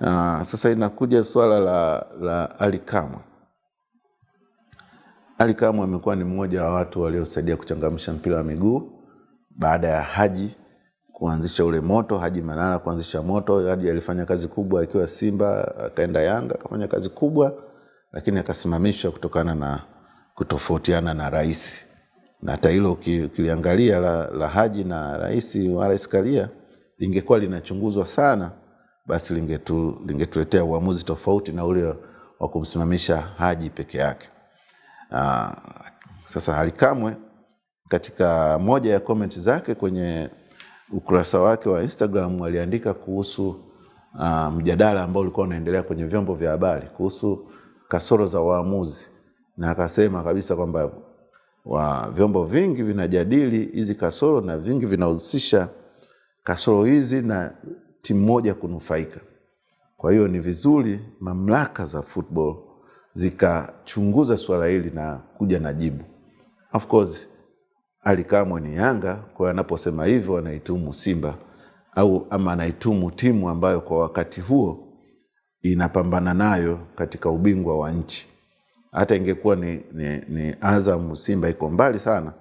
Ah, sasa inakuja swala la, la Ally Kamwe. Kamwe amekuwa ni mmoja wa watu waliosaidia kuchangamsha mpira wa miguu baada ya Haji kuanzisha ule moto, Haji Manara kuanzisha moto. Haji alifanya kazi kubwa akiwa Simba, akaenda Yanga akafanya kazi kubwa, lakini akasimamishwa kutokana na kutofautiana na rais, na hata hilo ukiliangalia la, la Haji na rais wa Rais Karia lingekuwa linachunguzwa sana basi lingetu, lingetuletea uamuzi tofauti na ule wa kumsimamisha Haji peke yake. Aa, ah, sasa hali Kamwe katika moja ya komenti zake kwenye ukurasa wake wa Instagram aliandika kuhusu uh, mjadala ambao ulikuwa unaendelea kwenye vyombo vya habari kuhusu kasoro za waamuzi, na akasema kabisa kwamba wa vyombo vingi vinajadili hizi kasoro na vingi vinahusisha kasoro hizi na timu moja kunufaika. Kwa hiyo ni vizuri mamlaka za football zikachunguza suala hili na kuja na jibu. Of course Ally Kamwe ni Yanga, kwa hiyo anaposema hivyo anaitumu Simba au ama anaitumu timu ambayo kwa wakati huo inapambana nayo katika ubingwa wa nchi. Hata ingekuwa ni, ni, ni Azamu, Simba iko mbali sana,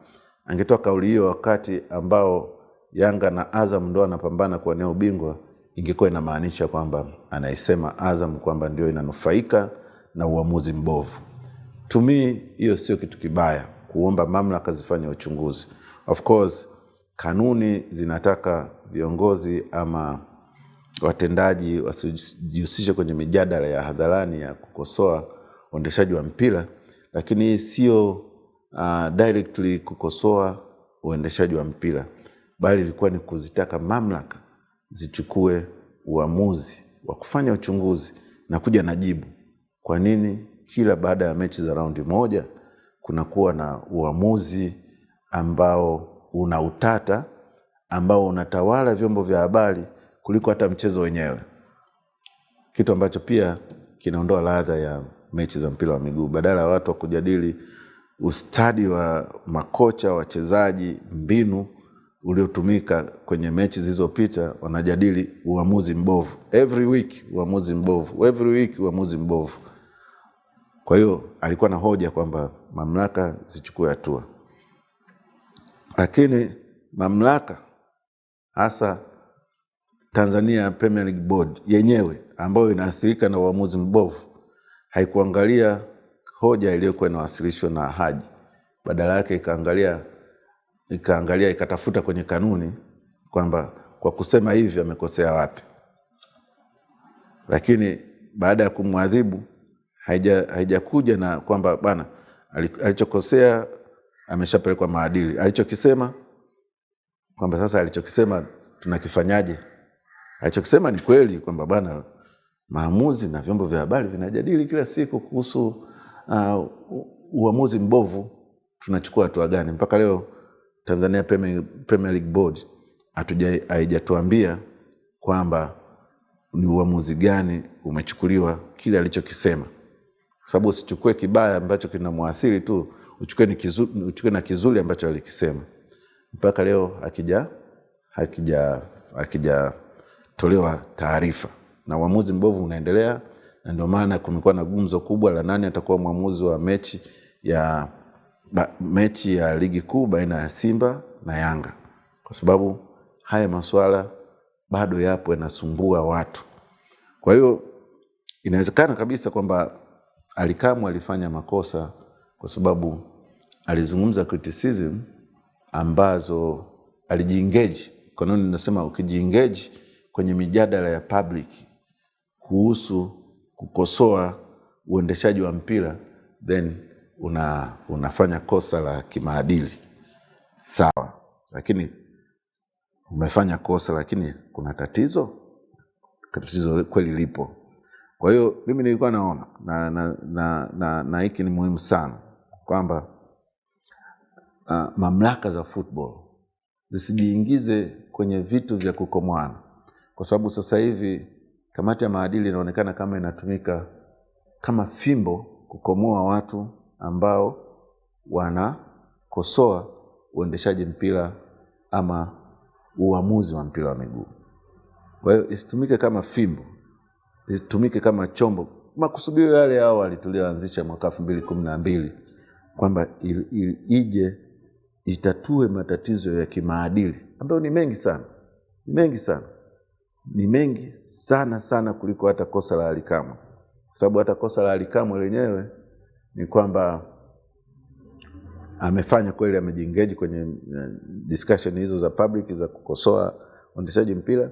angetoa kauli hiyo wakati ambao Yanga na Azam ndo anapambana kuwania ubingwa ingekuwa inamaanisha kwamba anaisema Azam kwamba ndio inanufaika na uamuzi mbovu. tumii hiyo sio kitu kibaya, kuomba mamlaka zifanye uchunguzi. Of course kanuni zinataka viongozi ama watendaji wasijihusishe kwenye mijadala ya hadharani ya kukosoa uendeshaji wa mpira, lakini hii sio uh, directly kukosoa uendeshaji wa mpira, bali ilikuwa ni kuzitaka mamlaka zichukue uamuzi wa kufanya uchunguzi na kuja na jibu, kwa nini kila baada ya mechi za raundi moja kunakuwa na uamuzi ambao una utata ambao unatawala vyombo vya habari kuliko hata mchezo wenyewe, kitu ambacho pia kinaondoa ladha ya mechi za mpira wa miguu. Badala ya watu wa kujadili ustadi wa makocha, wachezaji, mbinu, uliotumika kwenye mechi zilizopita, wanajadili uamuzi mbovu every week, uamuzi mbovu every week, uamuzi mbovu. Kwa hiyo alikuwa na hoja kwamba mamlaka zichukue hatua, lakini mamlaka hasa Tanzania Premier League Board yenyewe ambayo inaathirika na uamuzi mbovu haikuangalia hoja iliyokuwa inawasilishwa na Haji, badala yake ikaangalia ikaangalia ikatafuta kwenye kanuni kwamba kwa kusema hivi amekosea wapi, lakini baada ya kumwadhibu haijakuja haija na kwamba bana alichokosea ameshapelekwa maadili, alichokisema kwamba sasa alichokisema tunakifanyaje? Alichokisema ni kweli kwamba bana maamuzi na vyombo vya habari vinajadili kila siku kuhusu uh, uamuzi mbovu, tunachukua hatua gani? Mpaka leo Tanzania Premier, Premier League Board haijatuambia kwamba ni uamuzi gani umechukuliwa kile alichokisema, kwa sababu usichukue kibaya ambacho kinamwathiri tu, uchukue ni uchukue na kizuri ambacho alikisema. Mpaka leo hakija hakija hakijatolewa taarifa na uamuzi mbovu unaendelea, na ndio maana kumekuwa na gumzo kubwa la nani atakuwa mwamuzi wa mechi ya ba, mechi ya ligi kuu baina ya Simba na Yanga, kwa sababu haya maswala bado yapo yanasumbua watu. Kwa hiyo inawezekana kabisa kwamba Alikamwe alifanya makosa kwa sababu alizungumza criticism ambazo alijiengage. Kanuni inasema ukijiengage kwenye mijadala ya public kuhusu kukosoa uendeshaji wa mpira then una, unafanya kosa la kimaadili sawa, lakini umefanya kosa, lakini kuna tatizo. Tatizo kweli lipo. Kwa hiyo mimi nilikuwa naona na, na, na, na, na hiki ni muhimu sana kwamba uh, mamlaka za football zisijiingize kwenye vitu vya kukomwana, kwa sababu sasa hivi kamati ya maadili inaonekana kama inatumika kama fimbo kukomoa watu ambao wanakosoa uendeshaji mpira ama uamuzi wa mpira wa miguu. Kwa hiyo isitumike kama fimbo, isitumike kama chombo. Makusudio yale awali tulioanzisha mwaka elfu mbili kumi na mbili kwamba ije itatue matatizo ya kimaadili ambayo ni mengi sana, ni mengi sana, ni mengi sana sana kuliko hata kosa la alikamwe kwa sababu hata kosa la alikamwe lenyewe ni kwamba amefanya kweli, amejiengage kwenye eh, discussion hizo za public za kukosoa uendeshaji mpira,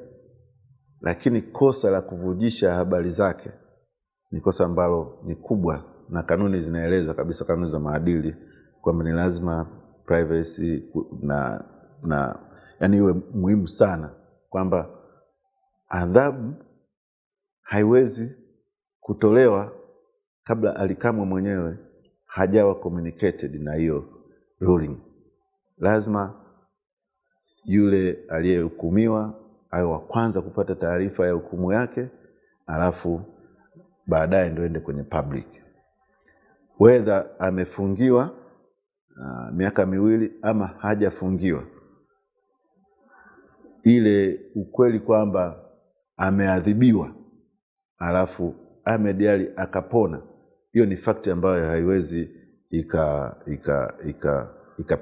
lakini kosa la kuvujisha habari zake ni kosa ambalo ni kubwa, na kanuni zinaeleza kabisa, kanuni za maadili kwamba ni lazima privacy na, na yani iwe muhimu sana, kwamba adhabu haiwezi kutolewa kabla alikamwe mwenyewe hajawa communicated na hiyo ruling. Lazima yule aliyehukumiwa awe wa kwanza kupata taarifa ya hukumu yake, alafu baadaye ndio ende kwenye public. Whether amefungiwa uh, miaka miwili ama hajafungiwa, ile ukweli kwamba ameadhibiwa alafu Ahmed Ally akapona hiyo ni fakti ambayo haiwezi ikapingwa ika, ika,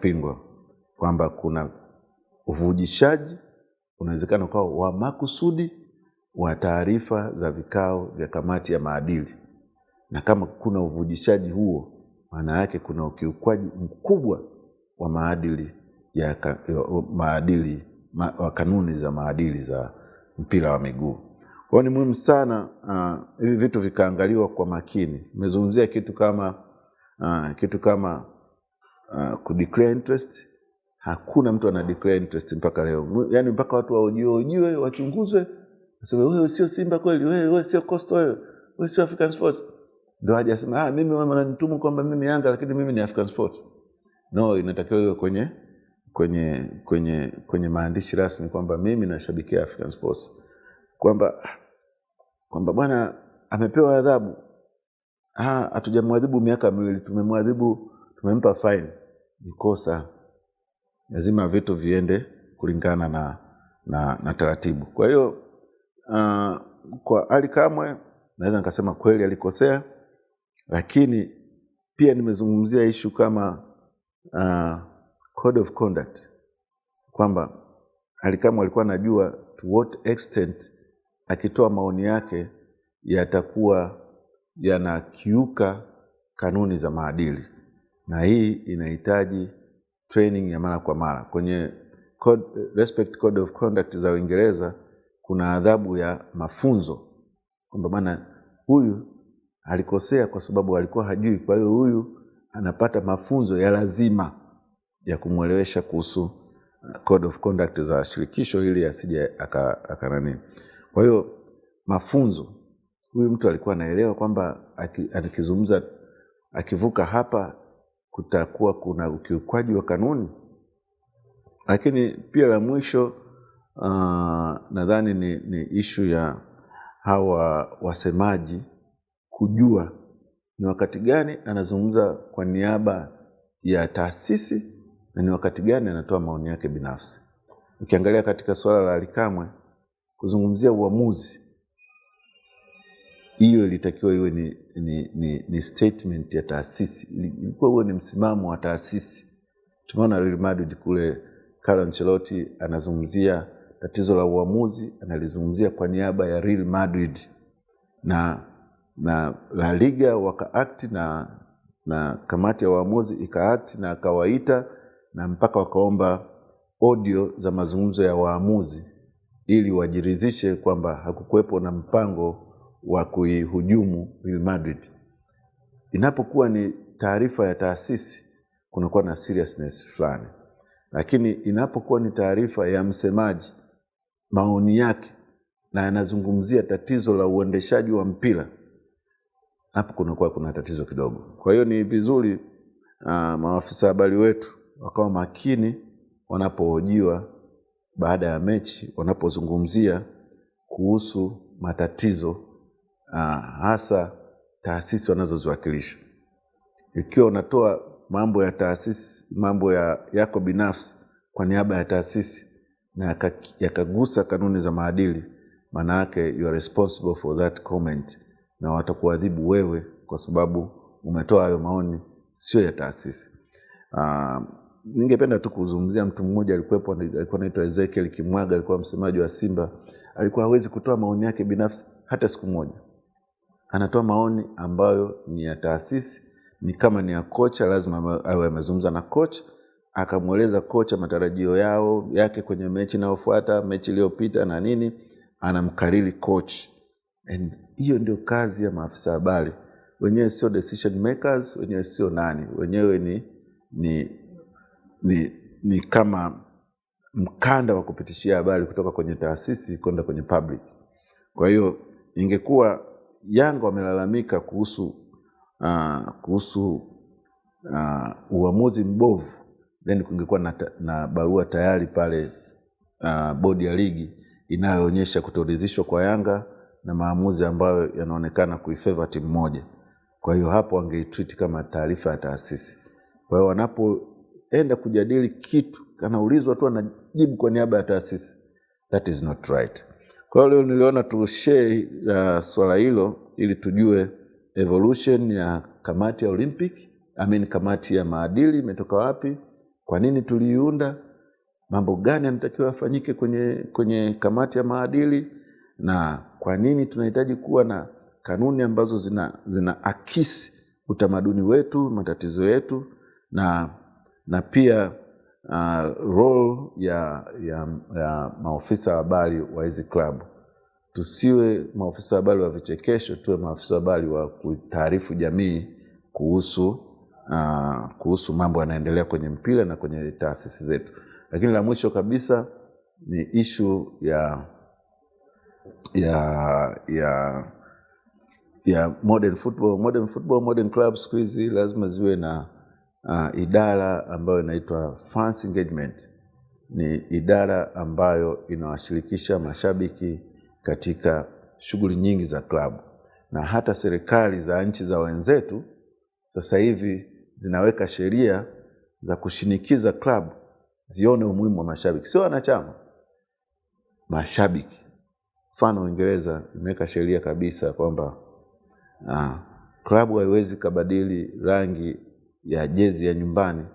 ika kwamba kuna uvujishaji unawezekana ukawa wa makusudi wa taarifa za vikao vya kamati ya maadili, na kama kuna uvujishaji huo, maana yake kuna ukiukwaji mkubwa wa maadili ya maadili ma, wa kanuni za maadili za mpira wa miguu. Kwa ni muhimu sana ah, hivi uh, vitu vikaangaliwa kwa makini. Nimezungumzia kitu kama uh, kitu kama uh, ku declare interest. Hakuna mtu ana declare interest mpaka leo, yaani mpaka watu waojiwe ojiwe, wachunguzwe, waseme wewe sio Simba kweli, wewe wewe sio Coastal, wewe wewe sio African Sports, ndo aje asema ah, mimi wewe wananitumu kwamba mimi Yanga lakini mimi ni African Sports. No, inatakiwa iwe kwenye kwenye kwenye kwenye maandishi rasmi kwamba mimi nashabikia African Sports kwamba kwamba bwana amepewa adhabu, ah, hatujamwadhibu miaka miwili, tumemwadhibu tumempa faini, ni kosa. Lazima vitu viende kulingana na, na, na taratibu. Kwa hiyo uh, kwa Ali Kamwe naweza nikasema kweli alikosea, lakini pia nimezungumzia ishu kama uh, code of conduct kwamba Ali Kamwe alikuwa anajua to what extent akitoa maoni yake yatakuwa yanakiuka kanuni za maadili, na hii inahitaji training ya mara kwa mara. Kwenye code, Respect Code of Conduct za Uingereza kuna adhabu ya mafunzo, kwamba maana huyu alikosea kwa sababu alikuwa hajui, kwa hiyo huyu anapata mafunzo ya lazima ya kumwelewesha kuhusu uh, Code of Conduct za shirikisho ili asije akanani aka kwa hiyo mafunzo, huyu mtu alikuwa anaelewa kwamba akizungumza, akivuka hapa kutakuwa kuna ukiukwaji wa kanuni. Lakini pia la mwisho uh, nadhani ni, ni ishu ya hawa wasemaji kujua ni wakati gani anazungumza kwa niaba ya taasisi na ni wakati gani anatoa maoni yake binafsi. Ukiangalia katika suala la Alikamwe kuzungumzia uamuzi, hiyo ilitakiwa iwe ni, ni, ni, ni statement ya taasisi, ilikuwa huwe ni msimamo wa taasisi. Tumeona Real Madrid kule, Carlo Ancelotti anazungumzia tatizo la uamuzi, analizungumzia kwa niaba ya Real Madrid na na La Liga wakaakti na, na kamati ya waamuzi ikaakti na akawaita na mpaka wakaomba audio za mazungumzo ya waamuzi ili wajiridhishe kwamba hakukuwepo na mpango wa kuihujumu Real Madrid. Inapokuwa ni taarifa ya taasisi kunakuwa na seriousness fulani, lakini inapokuwa ni taarifa ya msemaji, maoni yake na anazungumzia tatizo la uendeshaji wa mpira, hapo kunakuwa kuna tatizo kidogo. Kwa hiyo ni vizuri uh, maafisa habari wetu wakawa makini wanapohojiwa baada ya mechi wanapozungumzia kuhusu matatizo aa, ah, hasa taasisi wanazoziwakilisha. Ikiwa unatoa mambo ya taasisi, mambo ya yako binafsi kwa niaba ya taasisi na yakagusa kanuni za maadili, maana yake you are responsible for that comment, na watakuadhibu wewe kwa sababu umetoa hayo maoni, sio ya taasisi. Ah, ningependa tu kuzungumzia mtu mmoja alikuwepo, alikuwa anaitwa Ezekiel Kimwaga, alikuwa msemaji wa Simba. Alikuwa hawezi kutoa maoni yake binafsi hata siku moja, anatoa maoni ambayo ni ya taasisi, ni kama ni ya kocha, lazima awe amezungumza na kocha, akamweleza kocha matarajio yao yake kwenye mechi inayofuata, mechi iliyopita na nini, anamkariri coach. And hiyo ndio kazi ya maafisa habari, wenyewe sio decision makers, wenyewe sio nani, wenyewe ni ni ni, ni kama mkanda wa kupitishia habari kutoka kwenye taasisi kwenda kwenye public. Kwa hiyo ingekuwa Yanga wamelalamika kuhusu uh, kuhusu uh, uamuzi mbovu, then kungekuwa na, na barua tayari pale uh, bodi ya ligi inayoonyesha kutoridhishwa kwa Yanga na maamuzi ambayo yanaonekana kuifeva timu moja. Kwa hiyo hapo wangeitreat kama taarifa ya taasisi. Kwa hiyo wanapo enda kujadili kitu, kanaulizwa tu anajibu kwa niaba ya taasisi. That is not right. Kwa hiyo niliona tushee uh, swala hilo ili tujue evolution ya kamati ya Olympic, I mean, kamati ya maadili imetoka wapi, kwa nini tuliiunda, mambo gani yanatakiwa yafanyike kwenye, kwenye kamati ya maadili na kwa nini tunahitaji kuwa na kanuni ambazo zina, zina akisi utamaduni wetu, matatizo yetu na na pia uh, role ya, ya, ya maofisa habari wa hizi klabu tusiwe maofisa habari wa vichekesho, tuwe maofisa habari wa kutaarifu jamii kuhusu uh, kuhusu mambo yanaendelea kwenye mpira na kwenye taasisi zetu. Lakini la mwisho kabisa ni ishu ya ya ya ya modern football, modern football, modern club siku hizi lazima ziwe na uh, idara ambayo inaitwa fans engagement ni idara ambayo inawashirikisha mashabiki katika shughuli nyingi za klabu, na hata serikali za nchi za wenzetu sasa hivi zinaweka sheria za kushinikiza klabu zione umuhimu wa mashabiki, sio wanachama, mashabiki. Mfano, Uingereza imeweka sheria kabisa kwamba klabu ah, haiwezi kabadili rangi ya jezi ya nyumbani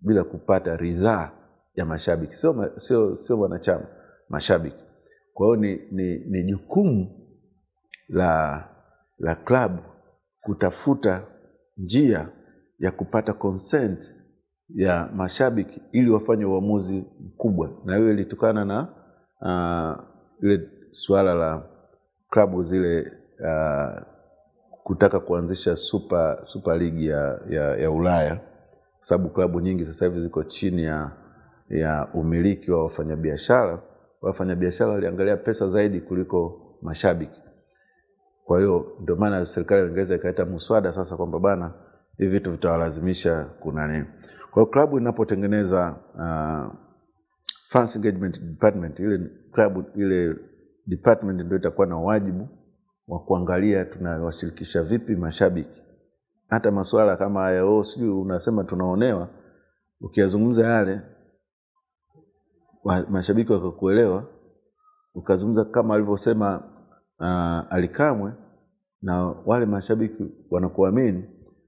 bila kupata ridhaa ya mashabiki, sio sio sio wanachama, mashabiki. Kwa hiyo ni, ni, ni jukumu la la klabu kutafuta njia ya kupata consent ya mashabiki ili wafanye uamuzi mkubwa, na hiyo ilitokana na uh, ile suala la klabu zile uh, kutaka kuanzisha super, super ligi ya, ya, ya Ulaya kwa sababu klabu nyingi sasa hivi ziko chini ya, ya umiliki wa wafanyabiashara. Wafanyabiashara waliangalia pesa zaidi kuliko mashabiki. Kwa hiyo ndio maana serikali ya Uingereza ikaleta muswada sasa kwamba bana, hivi vitu vitawalazimisha kuna nini. Kwa hiyo klabu inapotengeneza uh, fans engagement department, ile klabu ile department ndio itakuwa na wajibu wa kuangalia tunawashirikisha vipi mashabiki. Hata masuala kama haya oh, sijui unasema tunaonewa, ukiyazungumza yale mashabiki wakakuelewa, ukazungumza kama alivyosema uh, Alikamwe na wale mashabiki wanakuamini,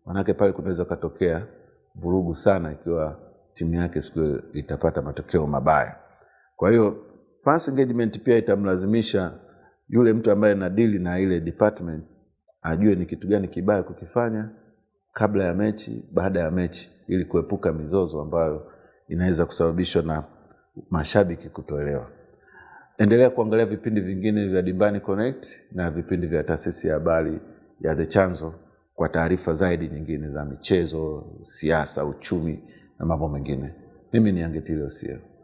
manake pale kunaweza ukatokea vurugu sana, ikiwa timu yake siku itapata matokeo mabaya. Kwa hiyo fans engagement pia itamlazimisha yule mtu ambaye na dili na ile department ajue ni kitu gani kibaya kukifanya kabla ya mechi, baada ya mechi, ili kuepuka mizozo ambayo inaweza kusababishwa na mashabiki kutoelewa. Endelea kuangalia vipindi vingine vya Dimbani Connect na vipindi vya taasisi ya habari ya The Chanzo kwa taarifa zaidi nyingine za michezo, siasa, uchumi na mambo mengine. Mimi ni Angetile Osiero.